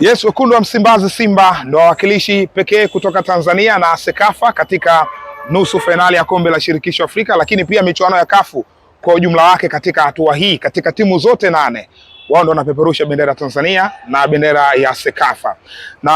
Yes, wekundu wa Msimbazi Simba ndo wawakilishi pekee kutoka Tanzania na Sekafa katika nusu fainali ya kombe la shirikisho Afrika, lakini pia michuano ya Kafu kwa ujumla wake. Katika hatua hii, katika timu zote nane, wao ndo wanapeperusha bendera Tanzania na bendera ya Sekafa, na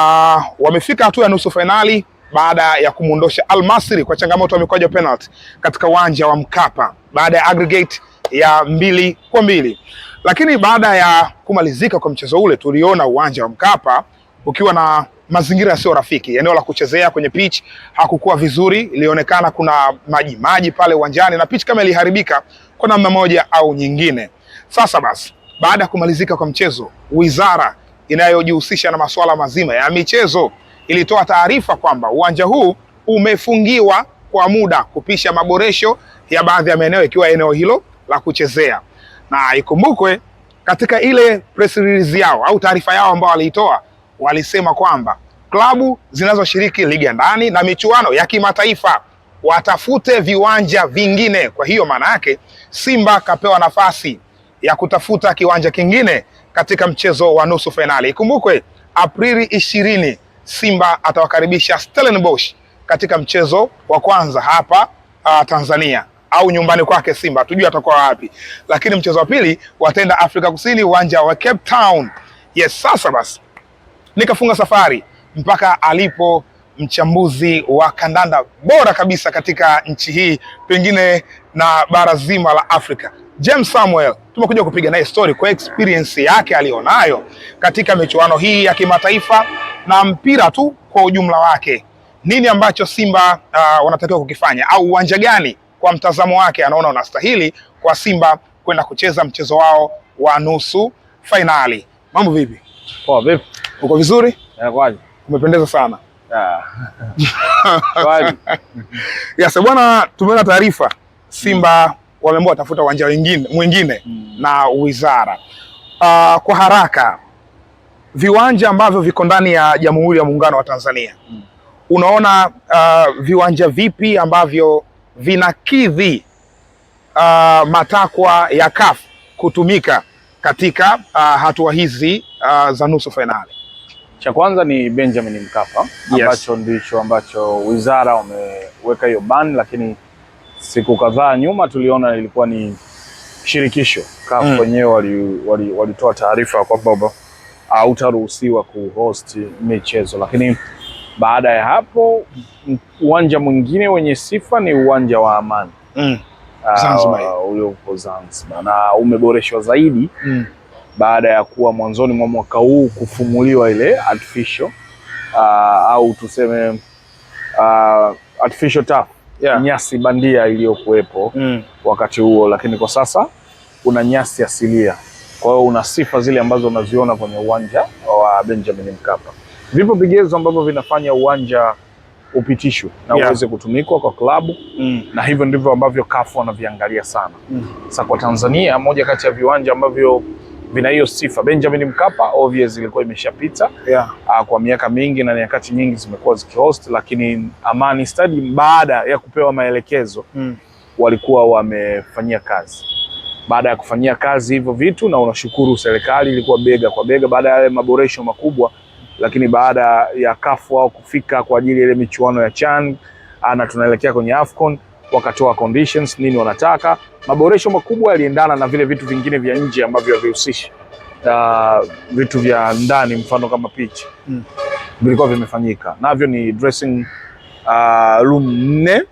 wamefika hatua ya nusu fainali baada ya kumwondosha almasri kwa changamoto ya mikwaju penalty katika uwanja wa Mkapa baada ya aggregate ya mbili kwa mbili. Lakini baada ya kumalizika kwa mchezo ule, tuliona uwanja wa Mkapa ukiwa na mazingira yasiyo rafiki. Eneo la kuchezea kwenye pitch hakukuwa vizuri, ilionekana kuna maji maji pale uwanjani na pitch kama iliharibika kwa namna moja au nyingine. Sasa basi, baada ya kumalizika kwa mchezo, wizara inayojihusisha na masuala mazima ya michezo ilitoa taarifa kwamba uwanja huu umefungiwa kwa muda kupisha maboresho ya baadhi ya maeneo, ikiwa eneo hilo la kuchezea, na ikumbukwe katika ile press release yao au taarifa yao ambao waliitoa walisema kwamba klabu zinazoshiriki ligi ya ndani na michuano ya kimataifa watafute viwanja vingine. Kwa hiyo maana yake Simba kapewa nafasi ya kutafuta kiwanja kingine katika mchezo wa nusu fainali. Ikumbukwe Aprili ishirini Simba atawakaribisha Stellenbosch katika mchezo wa kwanza hapa uh, Tanzania au nyumbani kwake Simba, hatujui atakuwa wapi, lakini mchezo wa pili wataenda Afrika Kusini, uwanja wa Cape Town. Yes, sasa basi nikafunga safari mpaka alipo mchambuzi wa kandanda bora kabisa katika nchi hii, pengine na bara zima la Afrika, James Samuel. Tumekuja kupiga naye story kwa experience yake aliyonayo katika michuano hii ya kimataifa na mpira tu kwa ujumla wake. Nini ambacho Simba uh, wanatakiwa kukifanya au uwanja gani kwa mtazamo wake anaona unastahili kwa Simba kwenda kucheza mchezo wao wa nusu fainali. Mambo vipi? Poa, vipi? Uko vizuri? Eh, kwaje? Umependeza sana. Ah. Yes, bwana, tumeona taarifa Simba mm. wameamua watafuta uwanja mwingine mm. na wizara uh, kwa haraka viwanja ambavyo viko ndani ya Jamhuri ya Muungano wa Tanzania mm. unaona uh, viwanja vipi ambavyo vinakidhi uh, matakwa ya CAF kutumika katika uh, hatua hizi uh, za nusu fainali. Cha kwanza ni Benjamin Mkapa ambacho yes, ndicho ambacho wizara wameweka hiyo ban, lakini siku kadhaa nyuma tuliona ilikuwa ni shirikisho CAF mm. wenyewe walitoa wali, wali taarifa kwamba uh, hautaruhusiwa kuhost michezo lakini baada ya hapo uwanja mwingine wenye sifa ni uwanja wa Amani mm. uh, Zanzibar na umeboreshwa zaidi mm. baada ya kuwa mwanzoni mwa mwaka huu kufumuliwa ile artificial uh, au tuseme uh, artificial turf yeah. nyasi bandia iliyokuwepo mm. wakati huo, lakini kwa sasa kuna nyasi asilia. Kwa hiyo una sifa zile ambazo unaziona kwenye uwanja wa Benjamin Mkapa. Vipo vigezo ambavyo vinafanya uwanja upitishwe na yeah, uweze kutumikwa kwa klabu mm, na hivyo ndivyo ambavyo CAF wanaviangalia sana mm. Sasa kwa Tanzania, moja kati ya viwanja ambavyo vina hiyo sifa Benjamin Mkapa obviously ilikuwa imeshapita yeah, ah, kwa miaka mingi na nyakati nyingi zimekuwa zikihost, lakini Amani Stadium baada ya kupewa maelekezo mm, walikuwa wamefanyia kazi baada ya kufanyia kazi hivyo vitu, na unashukuru serikali ilikuwa bega kwa bega, baada ya yale maboresho makubwa lakini baada ya kafu au kufika kwa ajili ya ile michuano ya CHAN ah, na tunaelekea kwenye AFCON wakatoa conditions nini wanataka. Maboresho makubwa yaliendana na vile vitu vingine vya nje ambavyo havihusishi uh, vitu vya ndani, mfano kama pitch mm. vilikuwa vimefanyika navyo ni dressing uh, room nne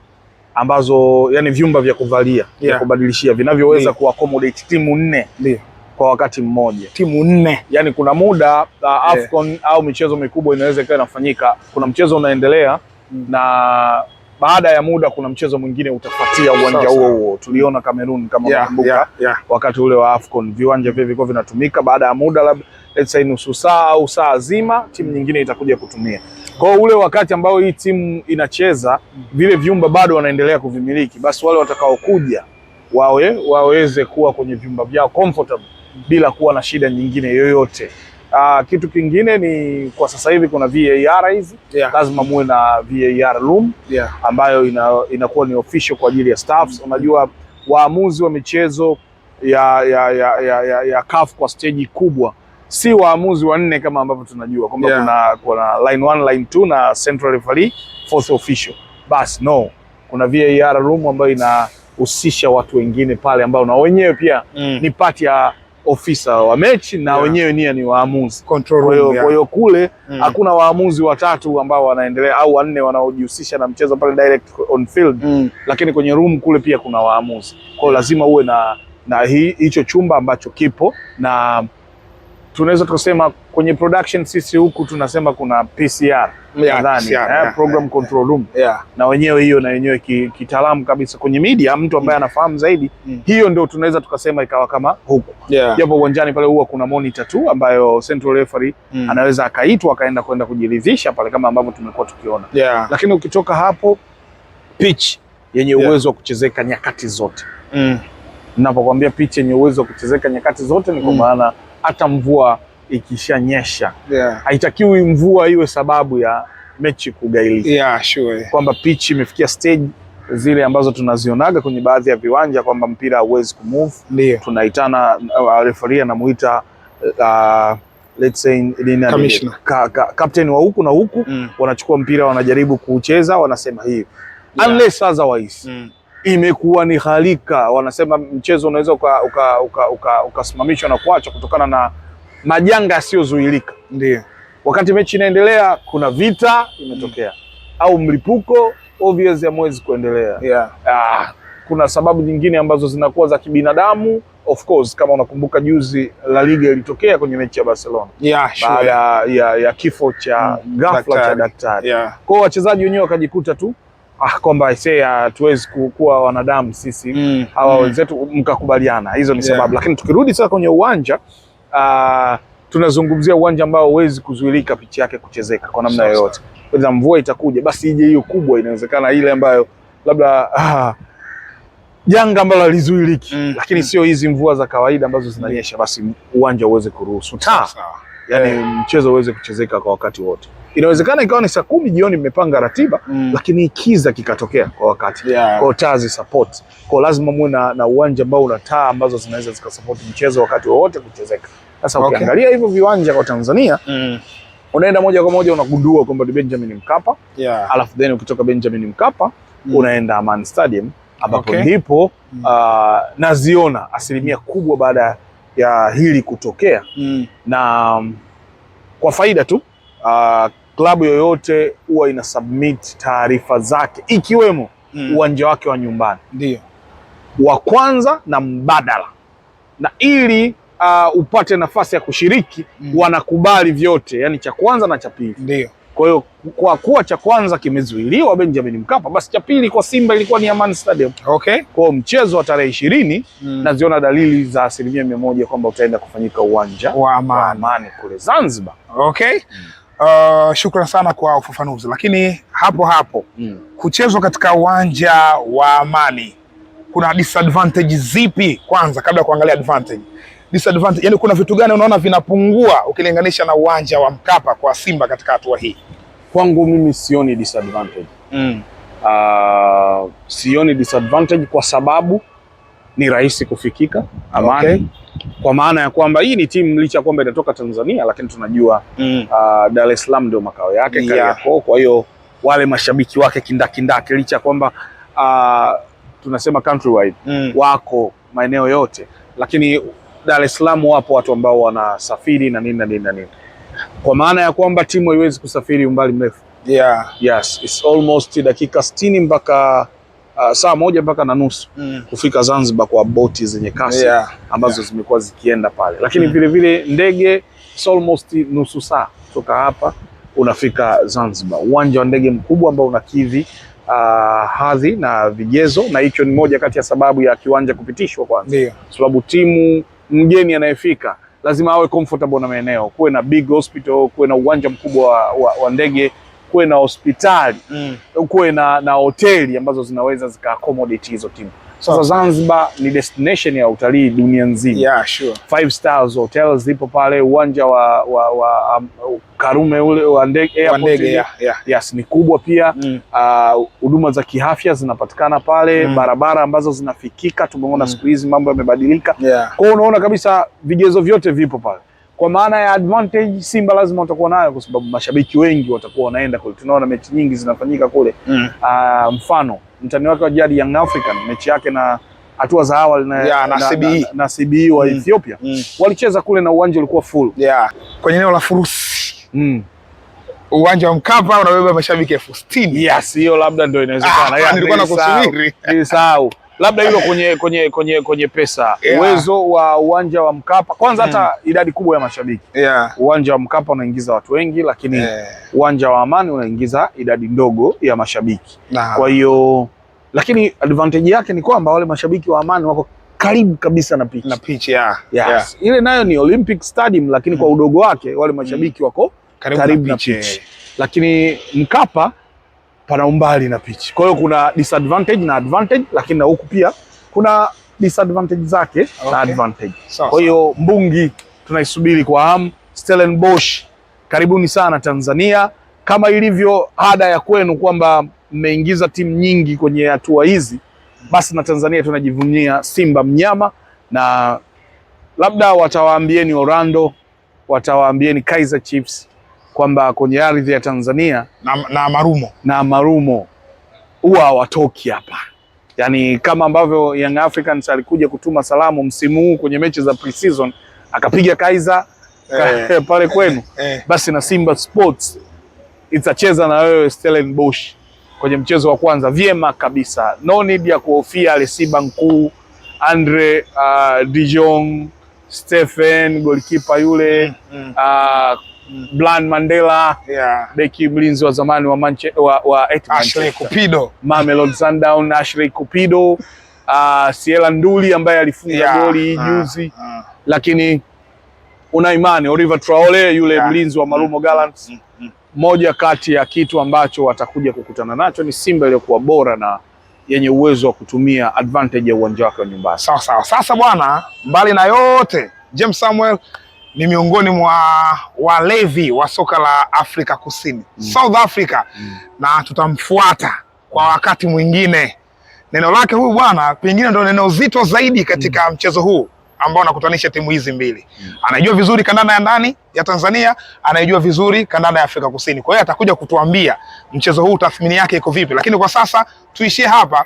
ambazo yani vyumba vya kuvalia yeah. vya kubadilishia vinavyoweza kuaccommodate timu nne yeah kwa wakati mmoja, timu nne. Yani kuna muda uh, eh. Afcon yeah, au michezo mikubwa inaweza ikawa inafanyika, kuna mchezo unaendelea mm, na baada ya muda kuna mchezo mwingine utafuatia uwanja huo huo. Tuliona Kamerun kama unakumbuka, yeah, yeah, yeah, wakati ule wa Afcon viwanja vile vilikuwa vinatumika, baada ya muda labda let's say nusu saa au saa zima, timu nyingine itakuja kutumia. Kwa ule wakati ambao hii timu inacheza mm. vile vyumba bado wanaendelea kuvimiliki, basi wale watakaokuja wawe waweze kuwa kwenye vyumba vyao comfortable bila kuwa na shida nyingine yoyote. Aa, ah, kitu kingine ni kwa sasa hivi kuna VAR hizi yeah. Lazima muwe na VAR room yeah. ambayo ina, inakuwa ni official kwa ajili ya staffs mm -hmm. Unajua waamuzi wa michezo ya, ya, ya, ya, ya, ya CAF kwa stage kubwa si waamuzi wanne kama ambavyo tunajua kwamba yeah. kuna, kuna line one, line two na central referee fourth official. Bas no, kuna VAR room ambayo inahusisha watu wengine pale ambao na wenyewe pia mm. ni part ya ofisa wa mechi na yeah. wenyewe nia ni waamuzi. Kwa hiyo kule mm. hakuna waamuzi watatu ambao wanaendelea au wanne wanaojihusisha na mchezo pale direct on field mm. lakini kwenye room kule pia kuna waamuzi. Kwa hiyo lazima uwe na na hicho chumba ambacho kipo na tunaweza tukasema kwenye production sisi huku tunasema kuna PCR nadhani eh, yeah, program yeah, control room yeah. na wenyewe hiyo na wenyewe kitaalamu ki kabisa kwenye media, mtu ambaye mm. anafahamu zaidi mm. hiyo ndio tunaweza tukasema ikawa kama huku yeah. japo uwanjani pale huwa kuna monitor tu ambayo central referee mm. anaweza akaitwa akaenda kwenda kujiridhisha pale kama ambavyo tumekuwa tukiona yeah. lakini ukitoka hapo pitch yenye uwezo yeah. wa kuchezeka nyakati zote mm. Ninapokuambia pitch yenye uwezo wa kuchezeka nyakati zote ni kwa mm. maana mm. hata mvua ikishanyesha yeah. Haitakiwi mvua iwe sababu ya mechi kugailika yeah, sure. Kwamba pichi imefikia stage zile ambazo tunazionaga kwenye baadhi ya viwanja kwamba mpira hauwezi kumove yeah. Tunaitana uh, referee anamuita uh, let's say ka, ka, captain wa huku na huku mm. Wanachukua mpira wanajaribu kucheza wanasema hivi yeah. Unless otherwise mm. Imekuwa ni halika wanasema mchezo unaweza ukasimamishwa uka, uka, uka, uka na kuachwa kutokana na majanga yasiyozuilika. Ndio wakati mechi inaendelea, kuna vita imetokea mm. au mlipuko obvious, hamwezi kuendelea yeah. Ah, kuna sababu nyingine ambazo zinakuwa za kibinadamu of course, kama unakumbuka juzi La Liga ilitokea kwenye mechi ya Barcelona yeah, sure. baada ya, ya kifo cha mm. ghafla cha daktari yeah. hiyo wachezaji wenyewe wakajikuta tu ah, kwamba se hatuwezi kuwa wanadamu sisi mm. hawa mm. wenzetu, mkakubaliana hizo ni sababu yeah. Lakini tukirudi sasa kwenye uwanja uh, tunazungumzia uwanja ambao huwezi kuzuilika pichi yake kuchezeka kwa namna yoyote. Aidha mvua itakuja, basi ije hiyo kubwa, inawezekana ile ambayo labda uh, janga ambalo halizuiliki mm, lakini mm, sio hizi mvua za kawaida ambazo zinanyesha, basi uwanja uweze kuruhusu taa, yani yeah, mchezo uweze kuchezeka kwa wakati wote inawezekana ikawa ni saa kumi jioni mmepanga ratiba mm. lakini kiza kikatokea kwa wakati yeah. Kwa taa zisapoti, kwa lazima muwe na, na uwanja ambao una taa ambazo zinaweza zikasapoti mchezo wakati wowote kuchezeka. Sasa okay. ukiangalia hivyo viwanja kwa Tanzania mm. unaenda moja kwa moja unagundua kwamba ni Benjamin Mkapa yeah. alafu then ukitoka Benjamin Mkapa mm. unaenda Aman Stadium ambapo okay. ndipo mm. uh, naziona asilimia kubwa baada ya hili kutokea mm. na um, kwa faida tu uh, klabu yoyote huwa ina submit taarifa zake ikiwemo mm. uwanja wake wa nyumbani ndio wa kwanza na mbadala, na ili uh, upate nafasi ya kushiriki mm. wanakubali vyote, yani cha kwanza na cha pili ndio. Kwa hiyo kwa kuwa cha kwanza kimezuiliwa Benjamin Mkapa, basi cha pili kwa Simba ilikuwa ni Amani Stadium. Okay. Kwa mchezo wa tarehe ishirini mm. naziona dalili za asilimia mia moja kwamba utaenda kufanyika uwanja wa Amani kule Zanzibar. Okay. Mm. Uh, shukran sana kwa ufafanuzi, lakini hapo hapo mm. kuchezwa katika uwanja wa Amani kuna disadvantage zipi kwanza, kabla ya kuangalia advantage? Disadvantage, yani kuna vitu gani unaona vinapungua ukilinganisha na uwanja wa Mkapa kwa Simba katika hatua hii? Kwangu mimi sioni disadvantage mm. uh, sioni disadvantage kwa sababu ni rahisi kufikika Amani, okay kwa maana ya kwamba hii ni timu licha ya kwamba inatoka Tanzania, lakini tunajua mm. uh, Dar es Salaam ndio makao yake yeah. Kariakoo. Kwa hiyo wale mashabiki wake kindakindaki, licha ya kwamba uh, tunasema countrywide mm. wako maeneo yote, lakini Dar es Salaam wapo watu ambao wanasafiri na nini na nini na nini, kwa maana ya kwamba timu haiwezi kusafiri umbali mrefu yeah. Yes, it's almost dakika 60 mpaka uh, saa moja mpaka na nusu mm. kufika Zanzibar kwa boti zenye kasi yeah. ambazo yeah. zimekuwa zikienda pale, lakini vilevile mm. vile ndege almost nusu saa kutoka hapa unafika Zanzibar, uwanja wa ndege mkubwa ambao unakidhi uh, hadhi na vigezo, na hicho ni moja kati ya sababu ya kiwanja kupitishwa kwanza yeah. sababu timu mgeni anayefika lazima awe comfortable na maeneo, kuwe na big hospital, kuwe na uwanja mkubwa wa, wa, wa ndege kuwe na hospitali mm. kuwe na, na hoteli ambazo zinaweza zika accommodate hizo timu. Sasa Zanzibar ni destination ya utalii dunia nzima. Yeah, sure. Five stars hotels zipo pale uwanja wa, wa, wa um, Karume ule wa ndege airport. Yeah, yeah. Yes, ni kubwa pia huduma mm. uh, za kiafya zinapatikana pale mm. barabara ambazo zinafikika tumeona mm. siku hizi mambo yamebadilika. Yeah. Kwa hiyo unaona kabisa vigezo vyote vipo pale. Kwa maana ya advantage Simba lazima watakuwa nayo, kwa sababu mashabiki wengi watakuwa wanaenda kule. Tunaona mechi nyingi zinafanyika kule mm. Uh, mfano mtani wake wa jadi Young African mechi yake na hatua za awali na, yeah, na, na, e. na, na CBE wa mm. Ethiopia mm. walicheza kule na uwanja ulikuwa full yeah. kwenye eneo la furusi mm. Uwanja wa Mkapa unabeba mashabiki elfu sitini. Yes, hiyo labda ndio inawezekana. Ah, nilikuwa nakusubiri. Nilisahau labda hilo kwenye kwenye kwenye kwenye pesa yeah. Uwezo wa uwanja wa Mkapa kwanza, hata mm. idadi kubwa ya mashabiki yeah. Uwanja wa Mkapa unaingiza watu wengi, lakini yeah. Uwanja wa Amani unaingiza idadi ndogo ya mashabiki nah. Kwa hiyo lakini advantage yake ni kwamba wale mashabiki wa Amani wako karibu kabisa na pitch. Na pitch, yeah. Yes. Yeah. Ile nayo ni Olympic Stadium lakini mm. kwa udogo wake wale mashabiki mm. wako karibu, karibu na pitch. Lakini Mkapa pana umbali na pitch. Kwa hiyo kuna disadvantage na advantage, lakini na huku pia kuna disadvantage zake okay, na advantage. Kwa hiyo Mbungi tunaisubiri kwa hamu. Stellenbosch, karibuni sana Tanzania, kama ilivyo ada ya kwenu kwamba mmeingiza timu nyingi kwenye hatua hizi, basi na Tanzania tunajivunia Simba mnyama, na labda watawaambieni Orlando, watawaambieni Kaizer Chiefs kwamba kwenye ardhi ya Tanzania na, na Marumo na Marumo huwa hawatoki hapa, yaani kama ambavyo Young Africans alikuja kutuma salamu msimu huu kwenye mechi za pre-season akapiga kaiza eh, pale kwenu eh, basi na Simba Sports itacheza na wewe Stellenbosch kwenye mchezo wa kwanza vyema kabisa, no need ya kuhofia Simba nkuu Andre uh, ah, Dijon, Stephen goalkeeper yule mm, mm. Uh, Bland Mandela yeah. Beki mlinzi wa zamani wa Manche, wa, wa Ashley Kupido, Mamelodi Sundown, Ashley Kupido uh, ah, Siela Nduli ambaye alifunga yeah. goli ah, juzi uh, uh. Lakini una imani Oliver Traore yule yeah. mlinzi wa Marumo mm, Gallants mm, mm, moja kati ya kitu ambacho watakuja kukutana nacho ni Simba iliyokuwa bora na yenye uwezo wa kutumia advantage ya uwanja wake wa nyumbani. Sawa sawa. Sasa bwana, mbali na yote James Samuel ni miongoni mwa walevi wa soka la Afrika Kusini mm. South Africa mm. na tutamfuata kwa wakati mwingine. Neno lake huyu bwana pengine ndo neno zito zaidi katika mm. mchezo huu ambao anakutanisha timu hizi mbili mm. anajua vizuri kandanda ya ndani ya Tanzania, anajua vizuri kandanda ya Afrika Kusini. Kwa hiyo atakuja kutuambia mchezo huu tathmini yake iko vipi, lakini kwa sasa tuishie hapa.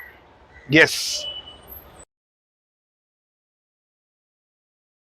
Yes.